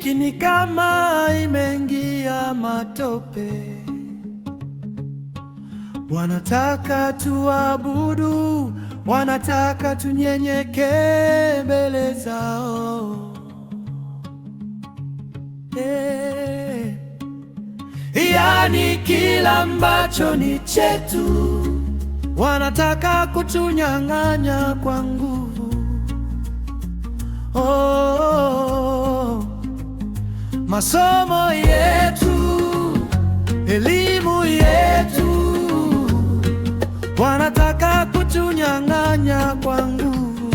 Wiki ni kama imeingia matope, wanataka tuabudu, wanataka tunyenyekee mbele zao. Hey. Eh. Yaani kila ambacho ni chetu wanataka kutunyang'anya kwa nguvu. Oh masomo yetu, elimu yetu, wanataka kutunyang'anya kwa nguvu,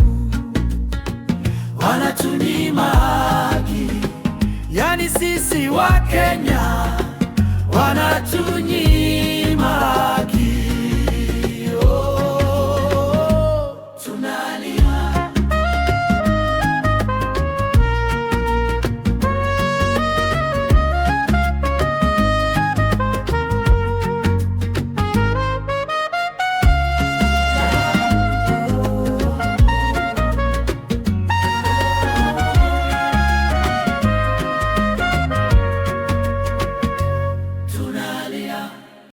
wanatunyima haki, yani sisi wa Kenya wanatunyima haki. Oh,